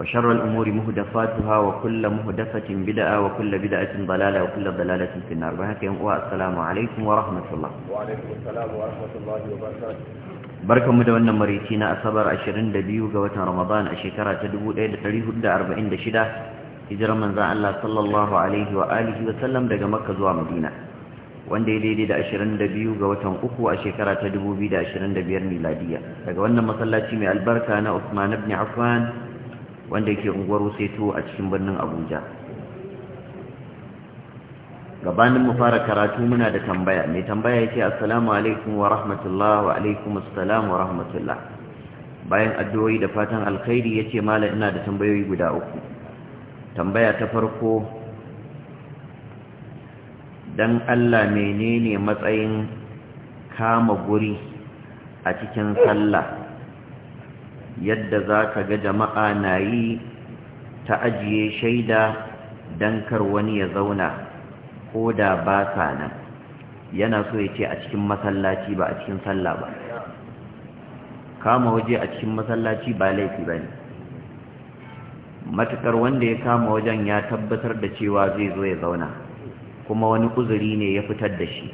وشر الأمور مهدفاتها وكل مهدفة بدعة وكل بدعة ضلالة وكل ضلالة في النار بهكم والسلام عليكم ورحمة الله وعليكم السلام ورحمة الله وبركاته بركة مدونة مريتنا أصبر أشرين دبيو قوة رمضان أشكرة تدبو إيد تريه الدى أربعين دشدة هجر من ذا الله صلى الله عليه وآله وسلم دقى مكة زوا مدينة wanda ya daidai da 22 ga watan uku a shekara ta 2025 miladiya daga wannan masallaci mai albarka na Uthman ibn Affan wanda yake unguwar Wuseto a cikin birnin Abuja gabanin mu fara karatu muna da tambaya mai tambaya yake assalamu alaikum wa rahmatullah wa alaikum assalam wa rahmatullah bayan addu'o'i da fatan alkhairi yace mallam ina da tambayoyi guda uku tambaya ta farko dan Allah menene matsayin kama guri a cikin sallah yadda za ka ga jama'a na yi ta ajiye shaida don kar wani ya zauna ko da ba sa nan yana so ya ce a cikin masallaci ba a cikin sallah ba kama waje a cikin masallaci ba laifi ba ne matuƙar wanda ya kama wajen ya tabbatar da cewa zai zo ya zauna kuma wani uzuri ne ya fitar da shi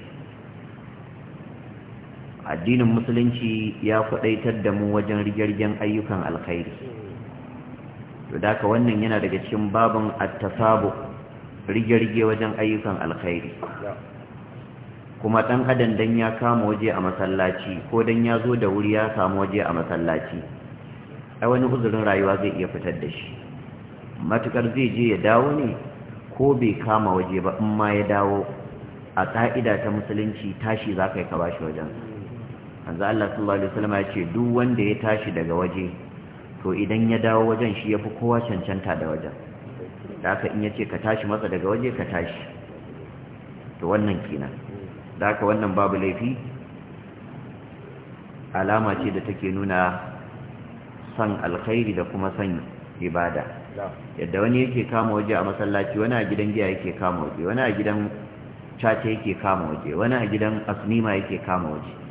addinin musulunci ya kwadaitar da mu wajen rigargen ayyukan alkhairi to daka wannan yana daga cikin babin at-tasabu wajen ayyukan alkhairi kuma dan adam dan ya kama waje a masallaci ko dan ya zo da wuri ya samu waje a masallaci ai wani uzurin rayuwa zai iya fitar da shi matukar zai je ya dawo ne ko bai kama waje ba in ma ya dawo a ƙa'ida ta musulunci tashi za ka yi ka bashi wajensa za Allah sallallahu alaihi wasallam ya ce duk wanda ya tashi daga waje to idan ya dawo wajen shi yafi kowa cancanta da wajen da haka in yace ka tashi masa daga waje ka tashi to wannan kenan da haka wannan babu laifi alama ce da take nuna san alkhairi da kuma san ibada yadda wani yake kama waje a masallaci wani a gidan giya yake kama waje wani a gidan caca yake kama waje wani a gidan asnima yake kama waje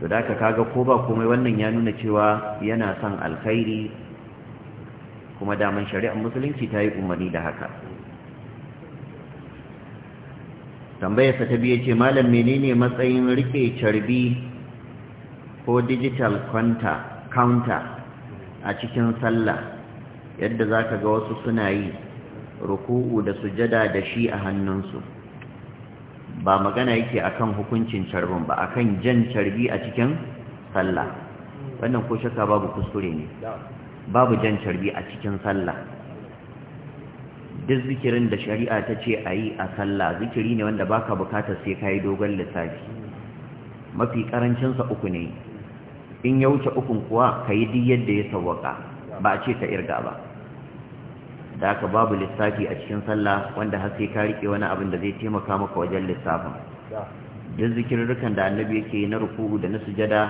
to da aka kaga ko ba komai wannan ya nuna cewa yana son alkhairi kuma daman shari'ar musulunci ta yi umarni da haka tambayarsa ta biye ce malam menene matsayin rike carbi ko digital counter a cikin sallah yadda za ka ga wasu suna yi ruku'u da sujada da shi a hannunsu ba magana yake akan hukuncin carbin ba akan jan carbi a cikin sallah wannan ko shakka babu kuskure ne babu jan carbi a cikin sallah duk zikirin da shari'a ta ce a yi a sallah zikiri ne wanda baka bukatar sai ka yi dogon lissafi mafi karancinsa uku ne in ya wuce ukun kuwa ka yi duk yadda ya sawwaka ba a ce ka irga ba da haka babu lissafi a cikin sallah wanda har sai ka rike wani abin da zai taimaka maka wajen lissafin duk zikirrukan da annabi yake na ruku'u da na sujada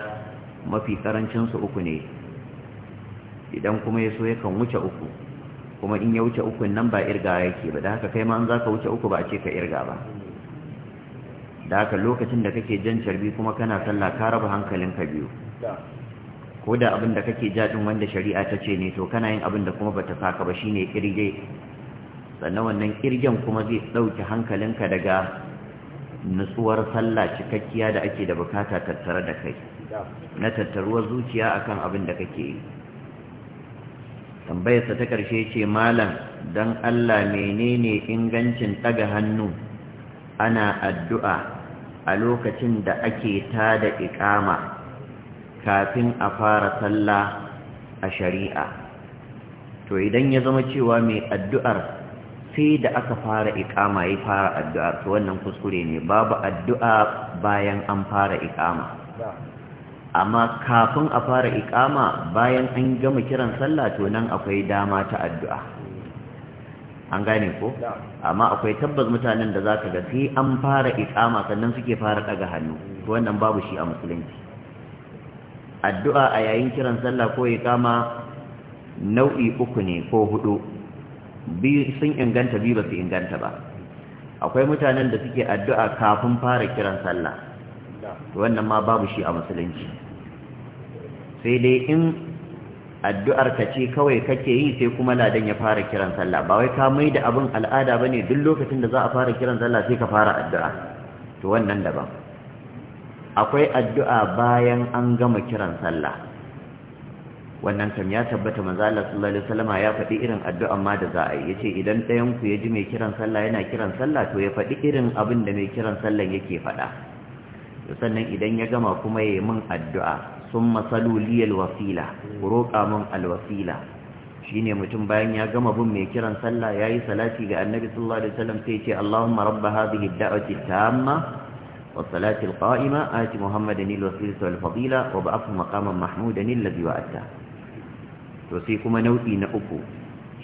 mafi karancin su uku ne idan kuma yaso yakan wuce uku kuma in ya wuce uku nan ba irga yake ba da haka kai ma an zaka wuce uku ba a ce ka irga ba da haka lokacin da kake jan carbi kuma kana sallah ka raba hankalinka biyu ko da abin da kake jaɗin wanda shari'a ta ce ne to kana yin abin da kuma bata saka ba shine kirge sannan wannan kirgen kuma zai ɗauki hankalinka daga nutsuwar sallah cikakkiya da ake da bukata tattare da kai na tattaruwar zuciya akan abin da kake yi tambayarsa ta karshe ce malam dan Allah menene ingancin ɗaga hannu ana addu'a a lokacin da ake tada da iƙama kafin a fara sallah a shari'a to idan ya zama cewa mai addu'ar sai da aka fara ikama ya fara addu'ar to wannan kuskure ne babu addu'a bayan an fara ikama amma kafin a fara ikama bayan an gama kiran sallah to nan akwai dama ta addu'a an gane ko amma akwai tabbas mutanen da zaka ga sai an fara ikama sannan suke fara daga hannu to wannan babu shi a musulunci addu'a a yayin kiran sallah ko kama nau'i uku ne ko hudu biyu sun inganta biyu ba su inganta ba akwai mutanen da suke addu'a kafin fara kiran sallah wannan ma babu shi a musulunci sai dai in addu'ar ka ce kawai kake yi sai kuma ladan ya fara kiran sallah ba wai ka mai da abin al'ada ba ne duk lokacin da za a fara kiran sallah sai ka fara addu'a to wannan daban akwai addu'a bayan an gama kiran sallah wannan kam ya tabbata manzo Allah sallallahu alaihi ya faɗi irin addu'an ma da za a yi yace idan ɗayan ku ya ji mai kiran sallah yana kiran sallah to ya faɗi irin abin da mai kiran sallah yake faɗa sannan idan ya gama kuma yayi min addu'a sun masalu liyal wasila roƙa min alwasila Shi ne mutum bayan ya gama bin mai kiran sallah ya yi salati ga annabi sallallahu alaihi wasallam sai ya ce Allahumma rabb hadhihi ad-da'wati tamma والصلاة القائمة آت محمدا الوسيلة والفضيلة وبعثه مقاما محمودا الذي وعدته وسيكم نوئي نأكو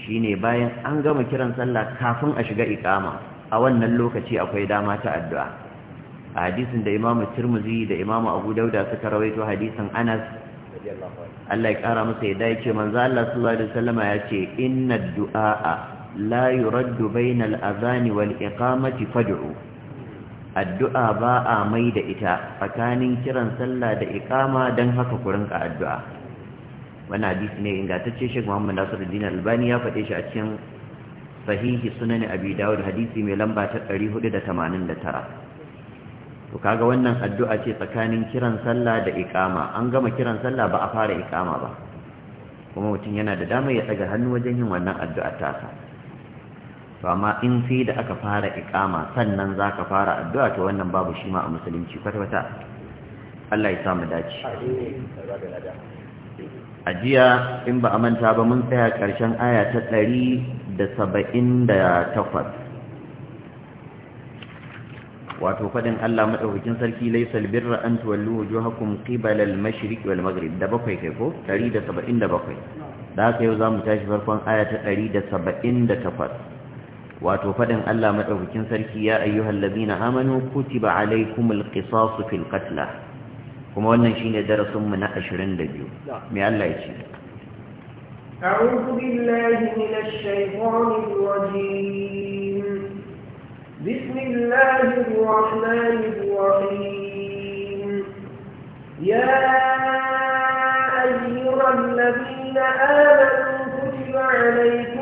shine bayan an gama kiran sallah kafin a shiga ikama a wannan lokaci akwai dama ta addu'a a hadisin da imamu Tirmidhi da Imam Abu Dauda suka rawaito hadisin Anas Allah ya kara masa yadda yake manzo Allah sallallahu alaihi wasallama yace inna du'a la yuraddu bainal adhani wal iqamati fad'u addu'a ba a mai da ita tsakanin kiran sallah da iqama dan haka ku rinka addu'a wannan hadisi ne ingantacce Sheikh Muhammad Nasiruddin Albani ya faɗe shi a cikin sahihi sunan Abi Dawud hadisi mai lamba ta 489 to kaga wannan addu'a ce tsakanin kiran sallah da iqama an gama kiran sallah ba a fara ikama ba kuma mutum yana da dama ya tsaga hannu wajen yin wannan addu'a tasa to amma in sai da aka fara ikama sannan za ka fara addu'a ta wannan babu shi ma a musulunci kwata-kwata Allah ya samu dace a jiya in ba a manta ba mun tsaya ƙarshen aya ta ɗari da saba'in da takwas wato faɗin Allah maɗaukakin sarki laisal birra an tuwallu wujuhakum qibala al-mashriq wal maghrib da bakwai kai ko 177 da haka yau zamu tashi farkon aya ta 178 wato faɗin Allah maɗaukakin sarki ya ayyuhal ladina amanu kutiba alaykumul qisasu fil qatl kuma wannan shine darasin mu na 22 me Allah ya ce أعوذ بالله من الشيطان الرجيم بسم الله الرحمن الرحيم يا أيها الذين آمنوا كتب عليكم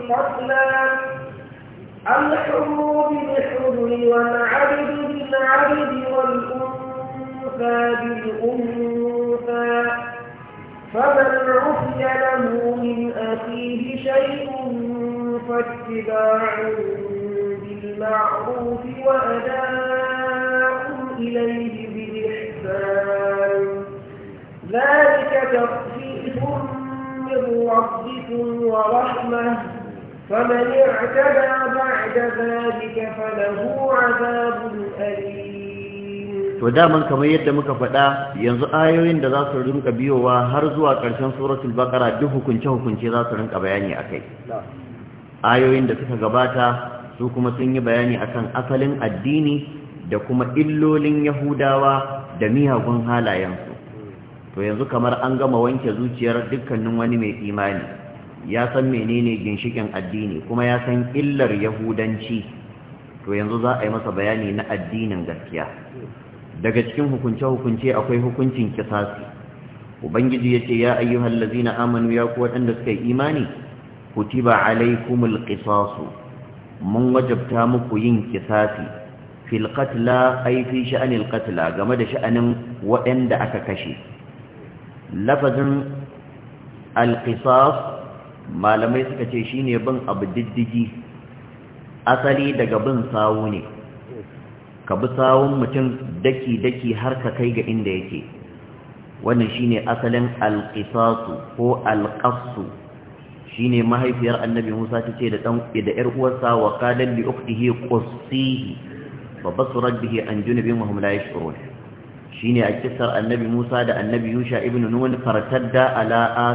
فصلا الحر بالحر والعبد بالعبد والأنثى بالأنثى فمن عفي له من أخيه شيء فاتباع بالمعروف وأداء إليه بالإحسان ذلك تخفيف من ربكم ورحمة فمن اعتدى بعد ذلك فله عذاب أليم to daman kamar yadda muka faɗa yanzu ayoyin da za su rinka biyowa har zuwa ƙarshen suratul baqara duk hukunce-hukunce za su rinka bayani akai ayoyin da suka gabata su kuma sun yi bayani akan asalin addini da kuma illolin yahudawa da miyagun halayensu to yanzu kamar an gama wanke zuciyar dukkanin wani mai imani ya san menene ginshikin addini kuma ya san illar yahudanci to yanzu za a yi masa bayani na addinin gaskiya daga cikin hukunce-hukunce akwai hukuncin kisasi ubangiji ya ce ya ayyuhal lazina amanu ya ku waɗanda suka yi imani kutiba alaikumul qisasu mun wajabta muku yin kisasi fil qatla ay sha'anil qatla game da sha'anin waɗanda aka kashe lafazin al malamai suka ce shine bin abu diddigi asali daga bin sawu ne ka bi sawun mutum daki-daki har ka kai ga inda yake wannan shine asalin alƙisasu ko alƙasu ne mahaifiyar annabi musa ta ce da ‘yar uwarsa wa kalan bi uktihi ƙusihi ba basurar bihe an junubin mahimla ya shine a kisar annabi musa da annabi yusha ibn nun fartadda ala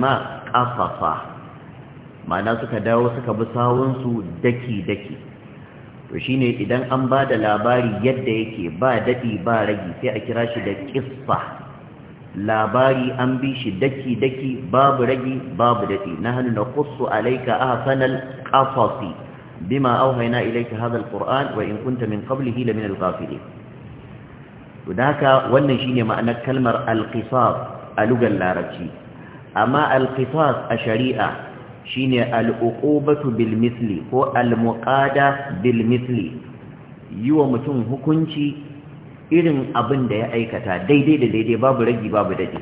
ma ƙafafa. ma'ana suka dawo suka bi sawunsu daki-daki to ne idan an ba da labari yadda yake ba daɗi ba ragi sai a kira shi da ƙisfa labari an bi shi daki-daki babu ragi babu daɗi na hannu na kusu alaika a sanar ƙafafi bima auhaina ilaika hadal qur'an wa in kunta min qablihi hila min al to da haka wannan shine ma'anar kalmar al a lugan larabci amma al a shari'a shine al'uqubatu bil misli ko al-muqada bil misli yiwa mutum hukunci irin abin da ya aikata daidai da daidai babu ragi babu dade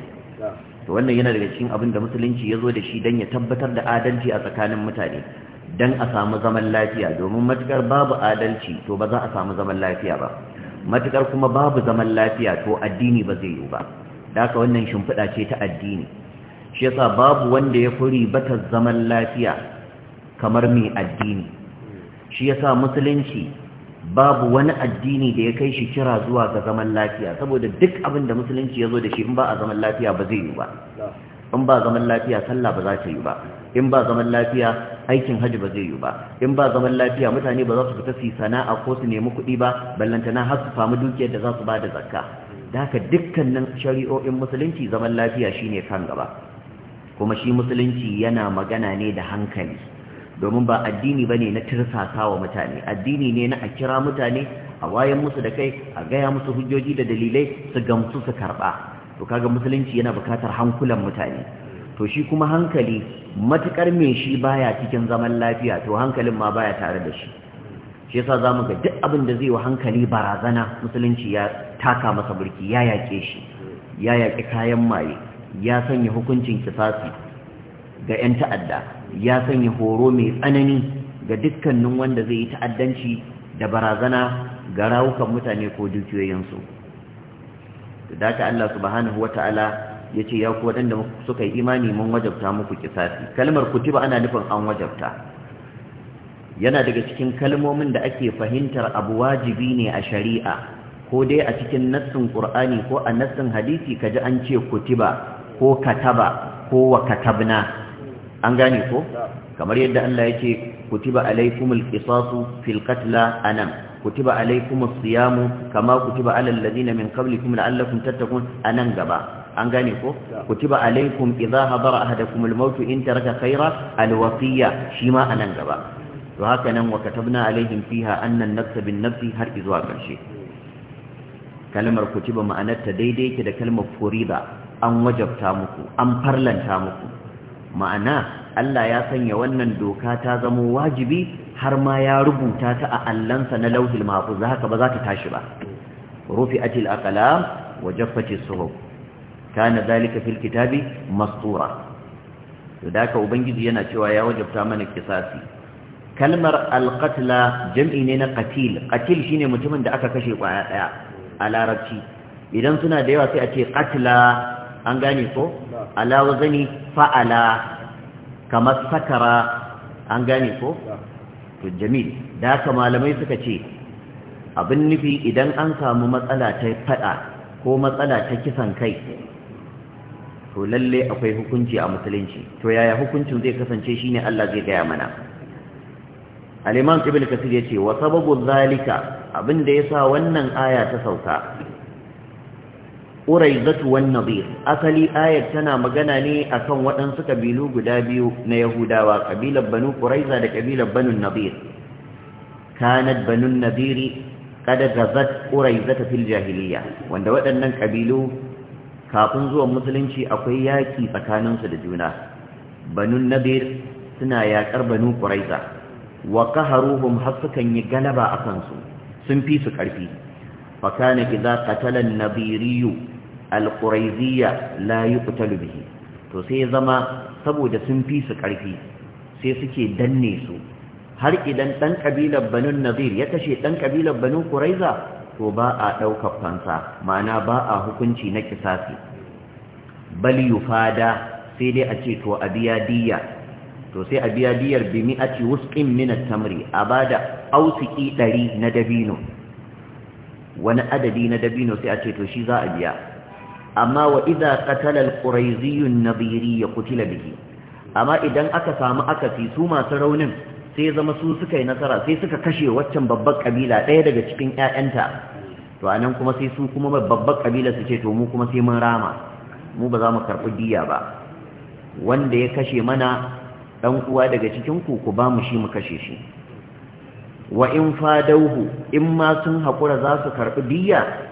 to wannan yana daga cikin abin da musulunci ya zo da shi dan ya tabbatar da adalci a tsakanin mutane dan a samu zaman lafiya domin matukar babu adalci to ba za a samu zaman lafiya ba matukar kuma babu zaman lafiya to addini ba zai yiwu ba da haka wannan shimfiɗa ce ta addini shi yasa babu wanda ya kuri bata zaman lafiya kamar mai addini shi yasa musulunci babu wani addini da ya kai shi kira zuwa ga zaman lafiya saboda duk abin da musulunci ya zo da shi in ba a zaman lafiya ba zai yi ba in ba zaman lafiya sallah ba za ta yi ba in ba zaman lafiya aikin hajji ba zai yi ba in ba zaman lafiya mutane ba za su fita su sana'a ko su nemi kuɗi ba ballantana har su samu dukiyar da za su ba da zakka da haka dukkanin shari'o'in musulunci zaman lafiya shine kan gaba kuma shi musulunci yana magana ne da hankali domin ba addini ba ne na tirsasa wa mutane addini ne na a kira mutane a wayan musu da kai a gaya musu hujjoji da dalilai su gamsu su karɓa to kaga musulunci yana bukatar hankulan mutane to shi kuma hankali matukar me shi baya cikin zaman lafiya to hankalin ma baya tare da shi shi yasa zamu ga duk abin da zai wa hankali barazana musulunci ya taka masa burki ya yake shi ya yake kayan maye ya sanya hukuncin kisasi ga 'yan ta'adda ya sanya horo mai tsanani ga dukkanin wanda zai yi ta'addanci da barazana ga rawukan mutane ko dukiyoyinsu da ta Allah subhanahu Ta'ala ya ce ya kuwa waɗanda suka yi imani mun wajabta muku kisasi kalmar kutuba ana nufin an wajabta yana daga cikin kalmomin da ake fahimtar abu wajibi ne a shari'a ko dai a cikin nassin ƙur'ani ko a nassin hadisi kaji an ce kutiba ko kataba ko wa katabna an gane ko kamar yadda Allah ya ce kutiba alaikumul qisasu fil qatla anam kutiba alaikumus siyamu kama kutiba alal ladina min qablikum la'allakum tattaqun anan gaba an gane ko kutiba alaikum idha hadara ahadakumul maut in taraka khayra alwasiya shima anan gaba to haka nan wa katabna alaihim fiha annan nafsa bin nafsi har izuwa karshe kalmar kutiba ma'anarta daidai ke da kalmar furida an wajabta muku an farlanta muku ma'ana Allah ya sanya wannan doka ta zamo wajibi har ma ya rubuta ta a allansa na lauhil za haka ba za ta tashi ba rufi'atil aqlam wa jaffatis Ta kana zalika fil kitabi mastura da ubangiji yana cewa ya wajabta mana kisasi kalmar alqatla jam'i ne na qatil qatil shine mutumin da aka kashe kwaya daya a larabci idan suna da yawa sai a ce qatla an gane ko ala wazani fa'ala kamar sakara an gane ko to jamil da haka malamai suka ce abin nufi idan an samu matsala ta fada ko matsala ta kisan kai to lalle akwai hukunci a musulunci to yaya hukuncin zai kasance shine Allah zai gaya mana al-imam ibn kasir yace wa sababu zalika abinda da yasa wannan aya ta sauka uraizatu wan nadir asali ayar tana magana ne akan waɗansu kabilu guda biyu na yahudawa ƙabilar banu quraiza da kabilar banu nadir kanat banu nadiri qad gazat zata fil jahiliya wanda waɗannan ƙabilu kafin zuwa musulunci akwai yaki tsakaninsu da juna banu nadir suna yakar banu quraiza wa qaharuhum har sukan yi galaba akan su sun fi su ƙarfi. fa kana idza qatala an-nabiriyu alƙuraiziya la yi bihi to sai zama saboda sun fi su ƙarfi sai suke danne su har idan ɗan ƙabilar Banun nazir ya kashe ɗan ƙabilar banu ƙuraiza to ba a ɗaukar fansa ma'ana ba a hukunci na kisasi bal yufada sai dai a ce to a biya diya to sai a biya diyar bi mi'ati wusqin min at-tamri a bada ausiki 100 na dabino wani adadi na dabino sai a ce to shi za a biya amma wa idza qatala al-qurayzi ya kutila biki bihi amma idan aka samu akasi su masu raunin sai zama su suka yi nasara sai suka kashe waccan babbar kabila ɗaya daga cikin ƴaƴanta to anan kuma sai su kuma babbar kabila su ce to mu kuma sai mun rama mu ba za mu karɓi diya ba wanda ya kashe mana ɗan uwa daga cikin ku ku ba mu shi mu kashe shi wa in fadauhu in ma sun haƙura za su karɓi diya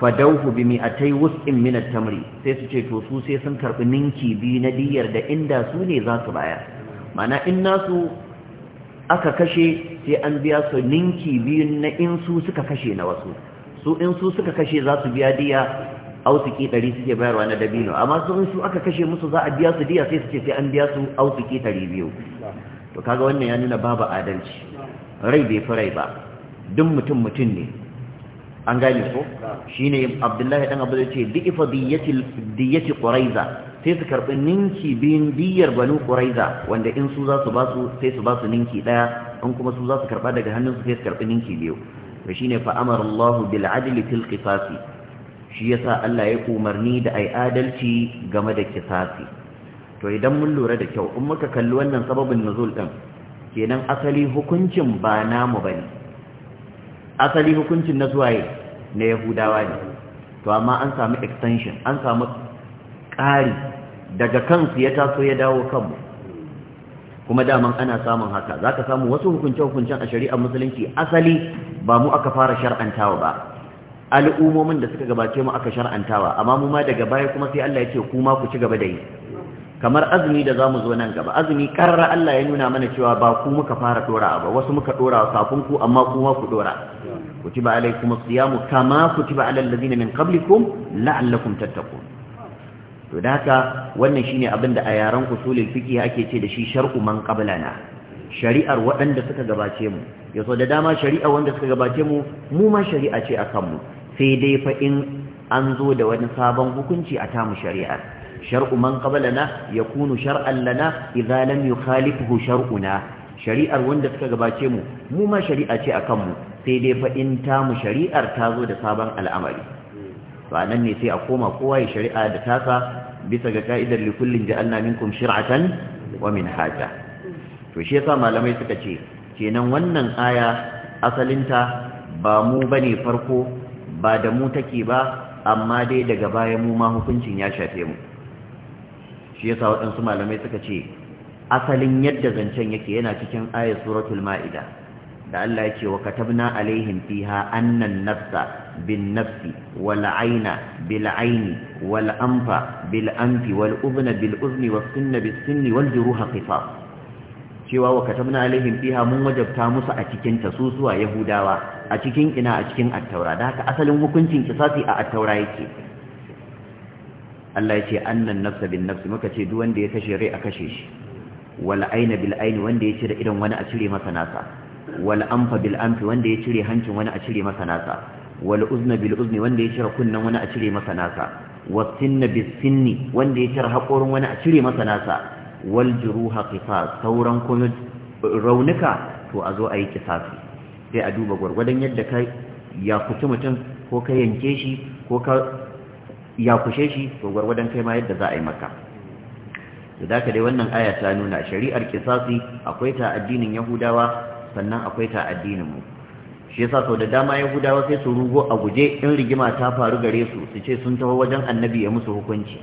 fadauhu bi mi'atai wus'in min at-tamri sai su ce to su sai sun karbi ninki bi na diyar da inda su ne za su bayar mana in nasu aka kashe sai an biya su ninki biyun na in su suka kashe na wasu su in su suka kashe za su biya diya autuki 100 suke bayarwa na dabino amma su in su aka kashe musu za a biya su diya sai su ce sai an biya su autuki 200 to kaga wannan ya nuna babu adalci rai bai fi rai ba duk mutum mutum ne an gane ko ne abdullahi ɗan abu ce difa diyati diyati sai su karbi ninki biyun diyar banu quraiza wanda in su za su ba su sai su ba su ninki ɗaya in kuma su za su karba daga hannun su sai su karbi ninki biyu to shine fa amara Allah bil adli fil qisas shi yasa Allah ya umarni da a adalci game da kisasi to idan mun lura da kyau in muka kalli wannan sababin nuzul din kenan asali hukuncin ba namu bane asali hukuncin na yi na yahudawa ne to amma an samu extension an samu ƙari daga kansu ya taso ya dawo kanmu kuma daman ana samun haka za ka samu wasu hukunce-hukuncen a shari'ar musulunci asali ba mu aka fara shar'antawa ba al'ummomin da suka gabace mu aka shar'antawa amma mu ma daga baya kuma sai Allah ya ce ku ma ku ci gaba da yi kamar azumi da zamu zo nan gaba azumi karra Allah ya nuna mana cewa ba ku muka fara dora ba wasu muka dora kafin ku amma kuma ku dora kutiba alaikum as-siyamu kama kutiba alal ladina min qablikum la'allakum tattaqun to da haka wannan shine abin da a yaran usulul fiqh ake ce da shi shar'u man qablana shari'ar waɗanda suka gabace mu yaso da dama shari'a wanda suka gabace mu mu ma shari'a ce akan mu sai dai fa in an zo da wani sabon hukunci a tamu shari'ar shar'u man qablana yakunu shar'an lana idza lam yukhalifuhu shari'ar wanda suka gabace mu mu shari'a ce akan mu sai dai fa in ta mu shari'ar ta zo da sabon al'amari to anan ne sai a koma kowa ya shari'a da tasa bisa ga ka'idar li kullin ja'alna minkum shir'atan wa minhaja to shi yasa malamai suka ce kenan wannan aya asalinta ba mu bane farko ba da mu take ba amma dai daga baya mu ma hukuncin ya shafe mu shi yasa waɗansu malamai suka ce asalin yadda zancen yake yana cikin ayat suratul ma'ida da Allah yake wa katabna alaihim fiha annan nafsa bin nafsi wal aina bil aini wal anfa bil anfi wal udhna bil udhni was sinna bis sinni wal juruha qisas cewa wa katabna alaihim fiha mun wajabta musu a cikin tasusuwa yahudawa a cikin ina a cikin attaura da haka asalin hukuncin kisasi a attaura yake Allah ya ce annan nafsa bin nafsi muka ce duk wanda ya kashe rai a kashe shi wal aina bil aini wanda ya cire idan wani a cire masa nasa wal anfa bil anfi wanda ya cire hancin wani a cire masa nasa wal uzna bil uzni wanda ya cire kunnan wani a cire masa nasa was sinna bis sinni wanda ya cire haƙorin wani a cire masa nasa wal juruha qisas sauran kuma raunuka to a zo a yi kisasi sai a duba gwargwadon yadda ka ya kuci mutum ko ka yanke shi ko ka ya kushe shi to gwargwadon kai ma yadda za a yi maka to da ka dai wannan aya ta nuna shari'ar kisasi akwai ta addinin yahudawa sannan akwai ta addinin mu shi yasa sau da dama yahudawa sai su rugo a guje in rigima ta faru gare su su ce sun taho wajen annabi ya musu hukunci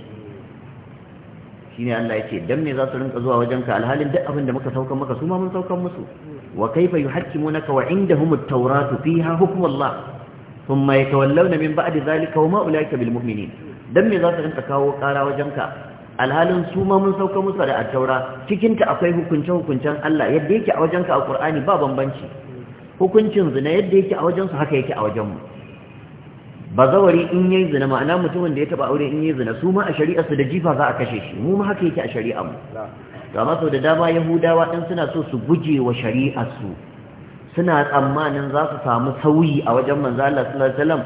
shine Allah yake dan me za su rinka zuwa wajen ka alhalin duk abin da muka saukan maka su ma mun saukan musu wa kaifa yuhakkimunaka wa indahum at-tauratu fiha hukm Allah thumma yatawallawna min ba'di dhalika wa ma ulaika bil mu'minin dan me za su rinka kawo ƙara wajen alhalin su ma mun sauka musu da attaura cikin ta akwai hukunce hukuncen Allah yadda yake a wajen a Qur'ani ba bambanci hukuncin zina yadda yake a wajen su haka yake a wajen mu zawari in yayi zina ma'ana mutumin da ya taba aure in yayi zina su ma a shari'a su da jifa za a kashe shi mu ma haka yake a shari'a mu to amma sau da dama yahudawa din suna so su guje wa shari'a su suna tsammanin za su samu sauyi a wajen manzo Allah sallallahu alaihi wasallam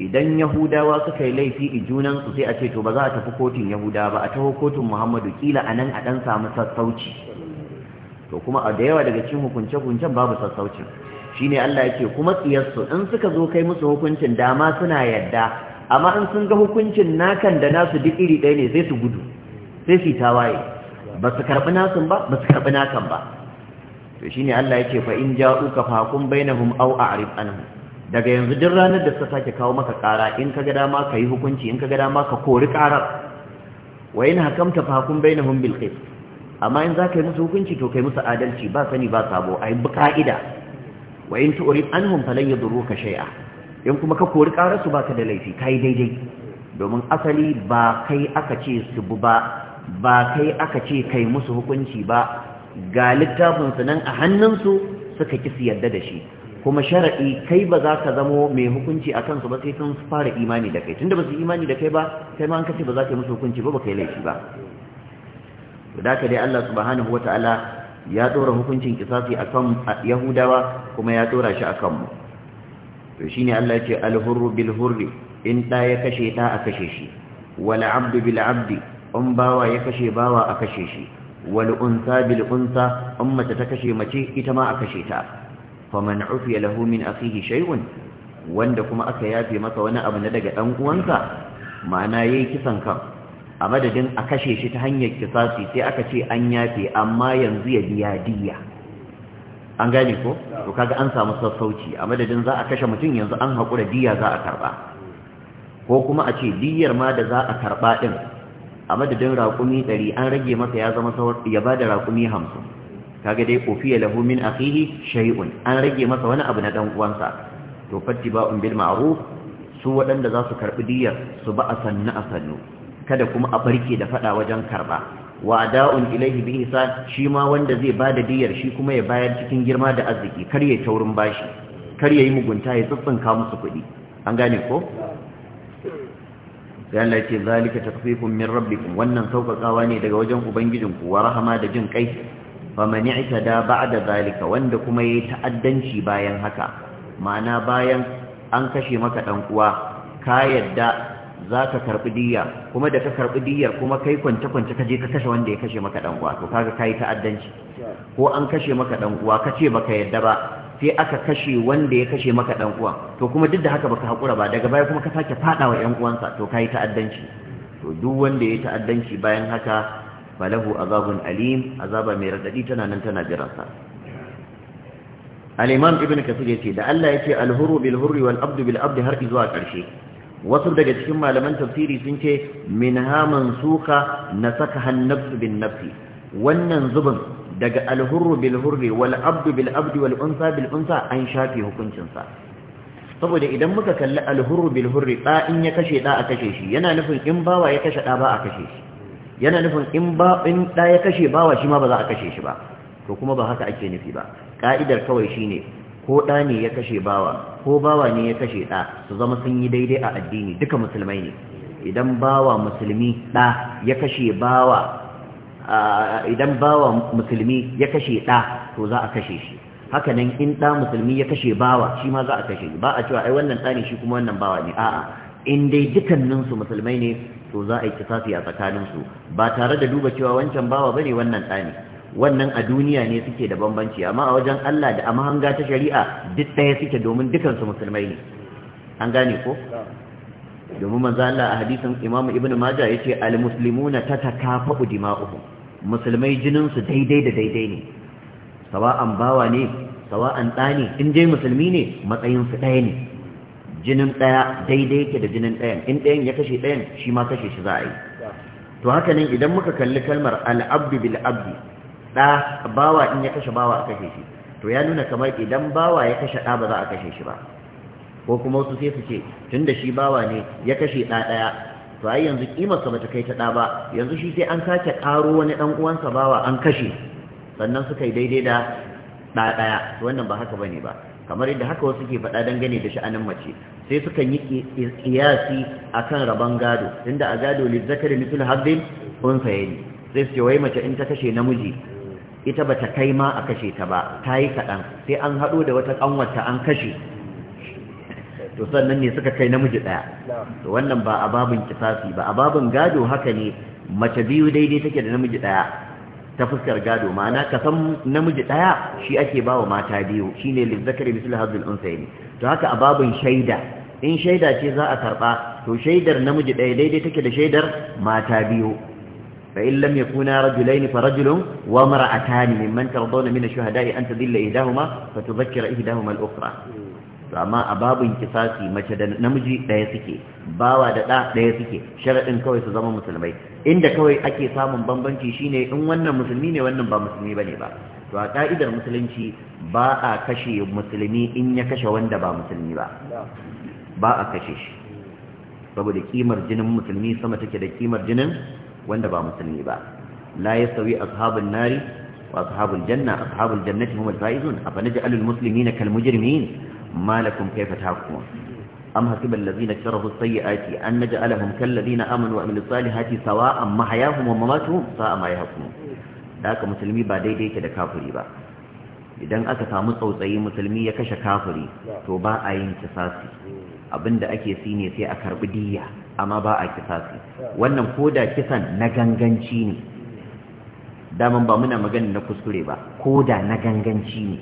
idan yahudawa suka yi laifi i junansu sai a ce to ba za a tafi kotun yahuda ba a taho kotun muhammadu kila anan a ɗan samu sassauci to kuma a da yawa daga cikin hukunce-hukuncen babu sassaucin shine Allah yake kuma tsiyarsu in suka zo kai musu hukuncin dama suna yadda amma in sun ga hukuncin nakan da nasu duk iri ɗaya ne sai su gudu sai su tawaye ba su karɓi nasun ba ba su karɓi nakan ba to shine Allah yake fa in ja'uka fa kun bainahum aw a'rid anhum daga yanzu duk ranar da suka sake kawo maka ƙara in ka ga dama ka yi hukunci in ka ga dama ka kori ƙarar wa in hakamta fa hukum bainahum bil qist amma in za ka yi musu hukunci to kai musu adalci ba sani ba sabo ai bi ka'ida wa in tu'rid anhum falan yadurruka shay'a in kuma ka kori ƙarar su baka da laifi kai daidai domin asali ba kai aka ce su bu ba ba kai aka ce kai musu hukunci ba ga littafin su nan a hannunsu suka ki su yarda da shi kuma shara'i kai ba za ka zamo mai hukunci a kansu ba sai sun fara imani da kai tunda ba su imani da kai ba kai ma an kace ba za ka yi musu hukunci ba ba kai laifi ba to da ka dai Allah subhanahu wataala ya dora hukuncin kisasi akan yahudawa kuma ya dora shi akan mu to shine Allah ya ce al-hurru bil hurri in da ya kashe ta a kashe shi wal abdu bil abdi in bawa ya kashe bawa a kashe shi wal unsa bil unsa ummata ta kashe mace ita ma a kashe ta faman ufiya lahu min akhihi shay'un wanda kuma aka yafe masa wani abu na daga dan uwansa ma'ana yayi kisan kan a madadin a kashe shi ta hanyar kisasi sai aka ce an yafe amma yanzu ya biya diya an gane ko to kaga an samu sassauci a madadin za a kashe mutum yanzu an hakura diya za a karba ko kuma a ce diyar ma da za a karba din a madadin raƙumi 100 an rage masa ya zama ya bada raƙumi 50 kaga dai kofiya lahu min akhihi shay'un an rage masa wani abu na dan uwansa to ba fattiba'un bil ma'ruf su waɗanda za su karɓi diyar su ba a sannu a sannu kada kuma a barke da faɗa wajen karɓa wa da'un ilaihi bi shi ma wanda zai ba da diyar shi kuma ya bayar cikin girma da arziki kar ya taurin bashi kar ya yi mugunta ya ka musu kuɗi an gane ko dan Allah zalika tasfifun min rabbikum wannan sauƙaƙawa ne daga wajen ubangijinku wa rahama da jin kai faman i'tada ba'da zalika wanda kuma yi ta'addanci bayan haka ma'ana bayan an kashe maka dan uwa ka yadda zaka karbi diyya kuma da ka karbi diyyar kuma kai kwance kwance kaje ka kashe wanda ya kashe maka dan uwa to kaga kai ta'addanci ko an kashe maka dan uwa kace baka yadda ba sai aka kashe wanda ya kashe maka dan uwa to kuma duk da haka baka hakura ba daga baya kuma ka sake fada wa yan uwansa to kai ta'addanci to duk wanda ya ta'addanci bayan haka falahu azabun alim azaba mai radadi tana nan tana jiransa al-imam ibn ya yace da Allah yace al-hurru bil hurri wal abdu bil abdi har zuwa karshe wasu daga cikin malaman tafsiri sun ce minha mansuka nasaka hannafsu bin nafsi wannan zubin daga al-hurru bil hurri wal abdu bil abdi wal unsa bil unsa an shafe hukuncin sa saboda idan muka kalli al-hurru bil hurri da in ya kashe da a kashe shi yana nufin in bawa ya kashe da ba a kashe shi yana nufin in ba in da ya kashe bawa shi ma ba za a kashe shi ba to kuma ba haka ake nufi ba ka'idar kawai shine ko da ne ya kashe bawa ko bawa ne ya kashe da su zama sun yi daidai a addini duka musulmai ne idan bawa musulmi da ya kashe bawa idan bawa musulmi ya kashe da to za a kashe shi haka nan in da musulmi ya kashe bawa shi ma za a kashe shi, ba a cewa ai wannan da ne shi kuma wannan bawa ne a'a in dai dukanninsu musulmai ne to za a yi kisafi a tsakaninsu ba tare da duba cewa wancan bawa bane wannan ɗani wannan a duniya ne suke da bambanci amma a wajen Allah da a mahanga ta shari'a duk ɗaya suke domin dukansu musulmai ne an gane ko domin manzo Allah a hadisin Imam Ibn Majah yace al-muslimuna tatakafu dima'uhum musulmai jinin su daidai da daidai ne sawa'an bawa ne sawa'an ɗani in dai musulmi ne matsayin su ɗaya ne jinin ɗaya daidai yake da jinin ɗayan in ɗayan ya kashe ɗayan shi ma kashe shi za a yi to haka nan idan muka kalli kalmar al'abdi bil abdi ɗa bawa in ya kashe bawa a kashe shi to ya nuna kamar idan bawa ya kashe ɗa ba za a kashe shi ba ko kuma wasu sai su ce tun da shi bawa ne ya kashe ɗa ɗaya to ai yanzu kimarsa bata kai ta ɗa ba yanzu shi sai an sake ƙaro wani ɗan uwansa bawa an kashe sannan suka yi daidai da ɗa ɗaya wannan ba haka bane ba kamar yadda haka wasu ke faɗa dangane da sha'anin mace sai sukan yi kiyasi kan rabon gado inda a gado lizzakari mitul haddin kun sayani sai su ce wai mace in ta kashe namiji ita bata kai ma a kashe ta ba ta yi kaɗan sai an haɗo da wata ƙanwata an kashe to sannan ne suka kai namiji ɗaya to wannan ba a babin kisasi ba a babin gado haka ne mace biyu daidai take da namiji ɗaya ta fuskar gado ma'ana ka san namiji daya shi ake bawa mata biyu shine lizzakari misal hazul unsayn to haka a babun shaida in shaida ce za a karba to shaidar namiji daya daidai take da shaidar mata biyu fa in lam yakuna rajulayn fa rajulun wa mar'atan mimman tardawna min ash-shuhada'i an tadilla ihdahuma fa tudhakkira ihdahuma al-ukhra to amma a babin kisasi mace da namiji ɗaya suke bawa da ɗa ɗaya suke sharaɗin kawai su zama musulmai inda kawai ake samun bambanci shine in wannan musulmi ne wannan ba musulmi bane ba to a ka'idar musulunci ba a kashe musulmi in ya kashe wanda ba musulmi ba ba a kashe shi saboda kimar jinin musulmi sama take da kimar jinin wanda ba musulmi ba la yasawi ashabun nari wa ashabul janna ashabul jannati humul faizun afa naj'alul muslimina kal mujrimin ما لكم كيف تحكمون أم حسب الذين كرهوا السيئات أن نجعلهم كالذين آمنوا وعملوا الصالحات سواء محياهم ومماتهم ساء ما يحكمون ذاك مسلمي با daidai yake da kafiri ba idan aka samu tsautsayi musulmi ya kashe kafiri to ba a yin kisasi abinda ake si ne sai a karbi diyya amma ba a kisasi wannan koda kisan na ganganci ne daman ba muna magana na kuskure ba koda na ganganci ne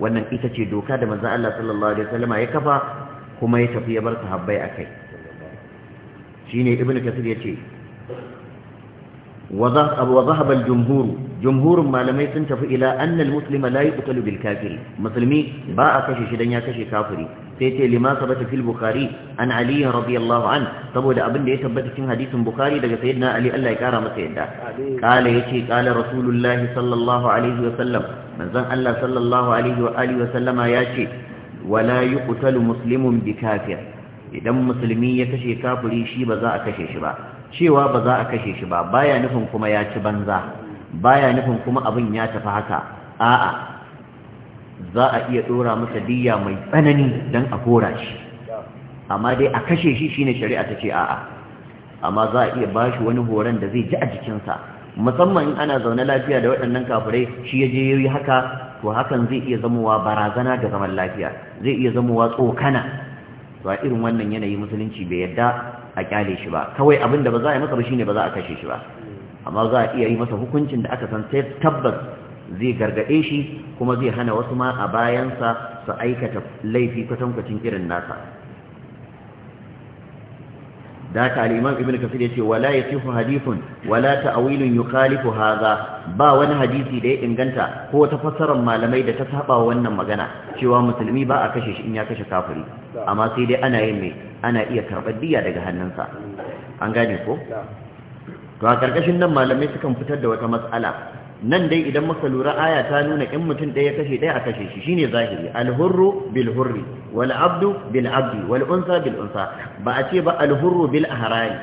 wannan ita ce doka da manzan Allah sallallahu alaihi wasallam ya kafa kuma ya tafi ya bar sahabbai shi ne ibnu kasir ce. وذهب الجمهور جمهور malamai sun tafi ila annal muslima la yuqtalu bil kafir muslimi ba a kashe shi dan ya kashe kafiri sai ce lima sabata fil bukhari an ali radiyallahu an saboda abin da ya tabbata cikin hadisin bukhari daga sayyidina ali Allah ya kara masa yadda kala yace kalar rasulullah sallallahu alaihi wa sallam manzon Allah sallallahu alaihi wa sallama yace wala yuqtalu muslimun bi kafir idan musulmi ya kashe kafuri shi ba za a kashe shi ba cewa ba za a kashe shi ba baya nufin kuma ya ci banza baya nufin kuma abin ya tafi haka a'a za a iya dora masa diyya mai tsanani don a kora shi amma dai a kashe shi shine shari'a ta ce a'a amma za a iya bashi wani horon da zai ji a jikinsa musamman in ana zaune lafiya da waɗannan kafirai shi ya je yi haka to hakan zai iya zamowa barazana ga zaman lafiya zai iya zamowa tsokana to a irin wannan yanayi musulunci bai yadda a kyale shi ba kawai abin da ba za a yi masa ba shine ba za a kashe shi ba amma za a iya yi masa hukuncin da aka san sai tabbas zai gargade shi kuma zai hana wasu ma a bayansa su aikata laifi kwatankwacin irin nasa kafir ya ce wala ya ولا يصح wala ولا تأويل khalifu haza. Ba wani hadisi da ya inganta ko ta fassarar malamai da ta saba wannan magana cewa musulmi ba a kashe shi in ya kashe kafiri amma sai dai ana yin mai ana iya karɓar diya daga hannunsa an gane ko to a karkashin nan malamai sukan fitar da wata matsala nan dai idan muka lura aya ta nuna in mutum ɗaya kashe ɗaya a kashe shi shine zahiri alhurru bil hurri wal abdu bil abdi wal unsa bil unsa ba a ce ba alhurru bil ahrari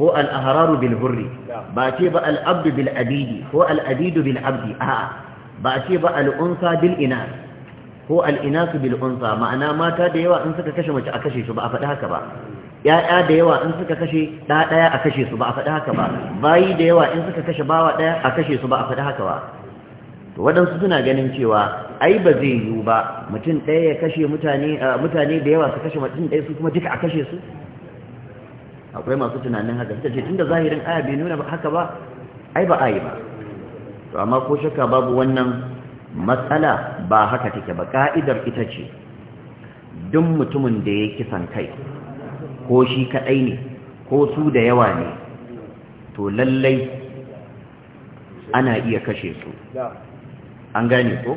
ko al ahraru bil hurri ba a ce ba al abdu bil abidi ko al abidu bil abdi a'a ba a ce ba al unsa bil inas ko al'inasu bil unsa ma'ana mata da yawa in suka kashe mace a kashe su ba a faɗi haka ba ya'ya da yawa in suka kashe da ɗaya a kashe su ba a faɗi haka ba bayi da yawa in suka kashe bawa ɗaya a kashe su ba a faɗi haka ba to waɗansu suna ganin cewa ai ba zai yiwu ba mutum ɗaya ya kashe mutane mutane da yawa su kashe mutum ɗaya su kuma duka a kashe su akwai masu tunanin haka suka ce tunda zahirin aya bai nuna haka ba ai ba yi ba to amma ko shakka babu wannan matsala ba haka take ba ka'idar ita ce duk mutumin da ya kisan kai ko shi kaɗai ne ko su da yawa ne to lallai ana iya kashe su an gane ko